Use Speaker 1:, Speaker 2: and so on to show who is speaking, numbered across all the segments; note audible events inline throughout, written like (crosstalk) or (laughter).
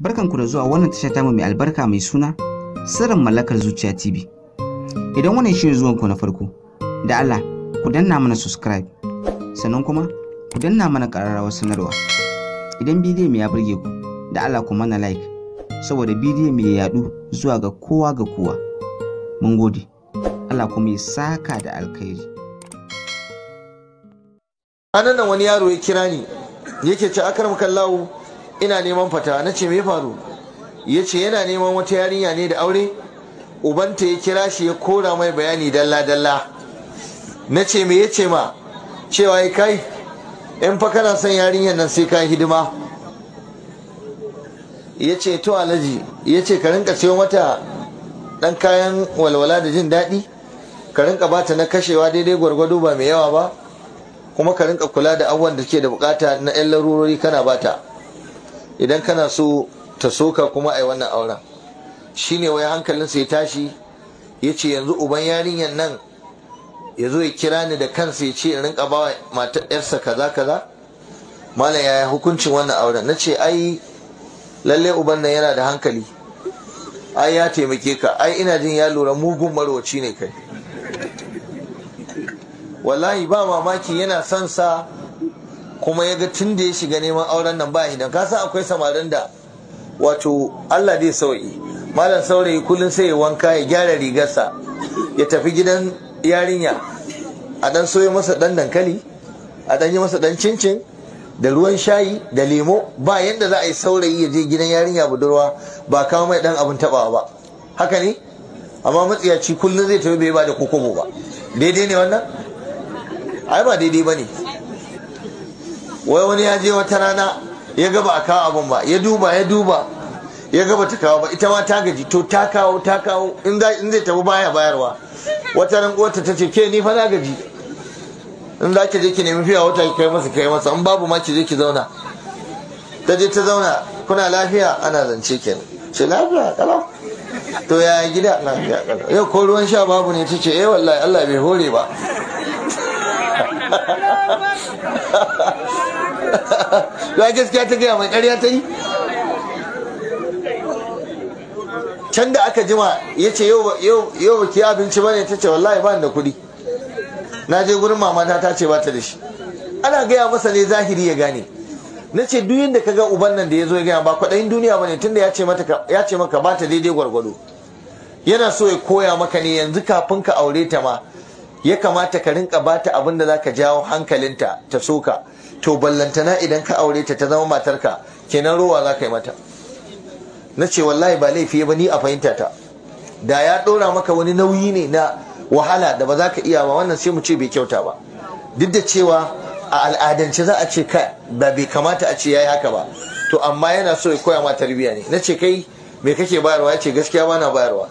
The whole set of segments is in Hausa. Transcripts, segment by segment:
Speaker 1: barkanku da zuwa wannan tashar tamu mai albarka mai suna sirrin mallakar zuciya tv idan wannan shirin zuwan ku na farko da allah ku danna mana subscribe sannan kuma ku danna mana ƙararrawar sanarwa idan bidiyon mai ya burge ku da allah ku mana like saboda bidiyo mai ya yadu zuwa ga kowa ga kowa mun gode allah kuma ya saka da alkhairi anan nan wani yaro ya kira ni yake ci akar kallawo ina neman fata, na ce me faru ya ce yana neman wata yarinya ne da aure ubanta ya kira shi ya kora mai bayani dalla-dalla na ce me ya ce ma cewa ya kai Yan fa kana son yarinyar nan sai kai hidima ya ce to alaji ya ce ka rinka siyo mata dan kayan walwala da jin daɗi ka rinka bata na kashewa daidai gwargwado ba mai yawa ba kuma ka rinka kula da abuwan da ke da bukata na 'yan larurori kana bata idan kana so ta soka kuma ai wannan auren Shi ne wai hankalinsa ya tashi ya ce yanzu uban yarinyar nan ya zo ya kira ni da kansa ya ce in rinka ba matar yarsa kaza kaza malam yaya hukuncin wannan auren na ce ai lalle uban nan yana da hankali ai ya taimake ka ai ina jin ya lura mugun marwaci ne kai wallahi ba mamaki yana son sa kuma ya ga tun da ya shiga neman auren nan ba ka kasa akwai samarin da wato Allah zai sauyi malam saurayi kullum sai ya wanka ya gyara rigarsa ya tafi gidan yarinya a dan soya masa dan dankali a dan yi masa dan cincin da ruwan shayi da lemo ba yanda za a yi saurayi ya je gidan yarinya budurwa ba kawo mai dan abin tabawa ba haka ne amma matsiyaci kullum zai tafi bai ba da kokobo ba daidai ne wannan ai ba daidai ba ne wai wani ya je wata rana ya ga ba a kawo abun ba ya duba ya duba ya ga ta kawo ba ita ma ta gaji to ta kawo ta kawo in zai tafi baya bayarwa wata ran ta ce ke ni fa na gaji in za ki je ki nemi fiya wata ki kai masa kai masa in babu ma ki je ki zauna ta je ta zauna kuna lafiya ana zance kenan ce lafiya kala to ya gida lafiya kala yau ko ruwan sha babu ne ta ce eh wallahi Allah bai hore ba (laughs) ya gaskiya ta gaya mai ƙarya ta yi can da aka jima ya ce yau ba ki abinci ba ne ta ce wallahi ba da kuɗi na je gurin mamata ta ce ba ta da shi ana gaya masa ne zahiri ya gane na ce duyin da ka ga uban nan da ya zo ya gaya ba kwaɗayin duniya ba ne tunda ya ce maka ba ta daidai gwargwado yana so ya koya maka ne yanzu kafin ka aure ta ma ya kamata ka rinka ta abin da ka jawo hankalinta ta soka to ballantana idan ka aure ta ta zama matarka kenan rowa za ka yi mata na ce wallahi ba laifi ba ni a fahimta ta da ya ɗora maka wani nauyi ne na wahala da ba za ka iya ba wannan sai mu ce bai kyauta ba duk da cewa a al'adance za a ce ka ba bai kamata a ce yayi haka ba to amma yana so ya koya ma tarbiyya ne na ce kai me kake bayarwa ya ce gaskiya ba na bayarwa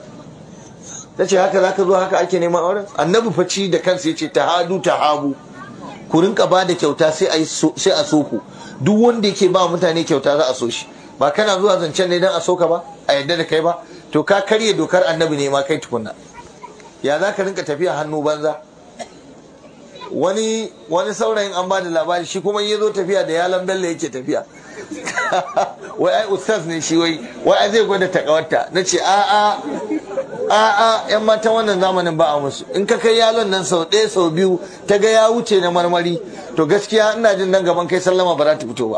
Speaker 1: na ce haka za ka zo haka ake neman auren annabi faci da kansa ya ce ta hadu ta habu ku rinka ba da kyauta sai a so ku duk wanda yake ba mutane kyauta za a so shi ba kana zuwa zancen ne don a soka ba a yadda da kai ba to ka karya dokar annabi ne ma kai tukunna ya za ka rinka tafiya hannu banza wani saurayin an ba da labari shi kuma ya zo tafiya da yalan bello yake tafiya (laughs) wai ai ustaz ne shi wai wai zai gwada takawarta na ce a'a. a'a yan matan wannan zamanin ba a musu in ka kai yalon nan sau ɗaya sau biyu ta ga ya wuce na marmari to gaskiya ina jin nan gaban kai sallama ba za ta fito ba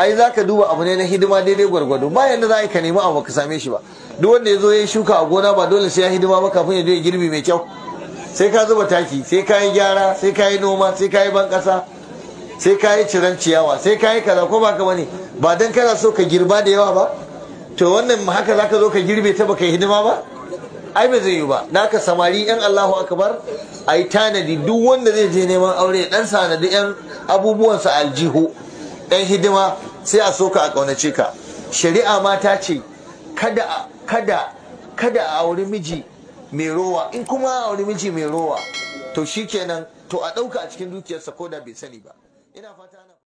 Speaker 1: ai za ka duba abu ne na hidima daidai gwargwado ba yanda za ka nemi abu ka same shi ba duk wanda ya zo ya shuka a gona ba dole sai ya hidima ba kafin ya je ya girbi mai kyau sai ka zuba taki sai ka yi gyara sai ka yi noma sai ka yi ban ƙasa sai ka yi ciran ciyawa sai ka yi kaza ko ba ka bane ba dan kana so ka girba da yawa ba to wannan haka za ka zo ka girbe ta ba ka yi hidima ba ai ba zai yi ba naka samari yan Allahu akbar ai tanadi duk wanda zai je neman aure dan sanadi yan abubuwan sa aljihu dan hidima sai a soka a kaunace ka shari'a ma ta ce kada kada kada a auri miji mai rowa in kuma a auri miji mai rowa to shikenan to a dauka a cikin dukiyarsa ko da bai sani ba ina fata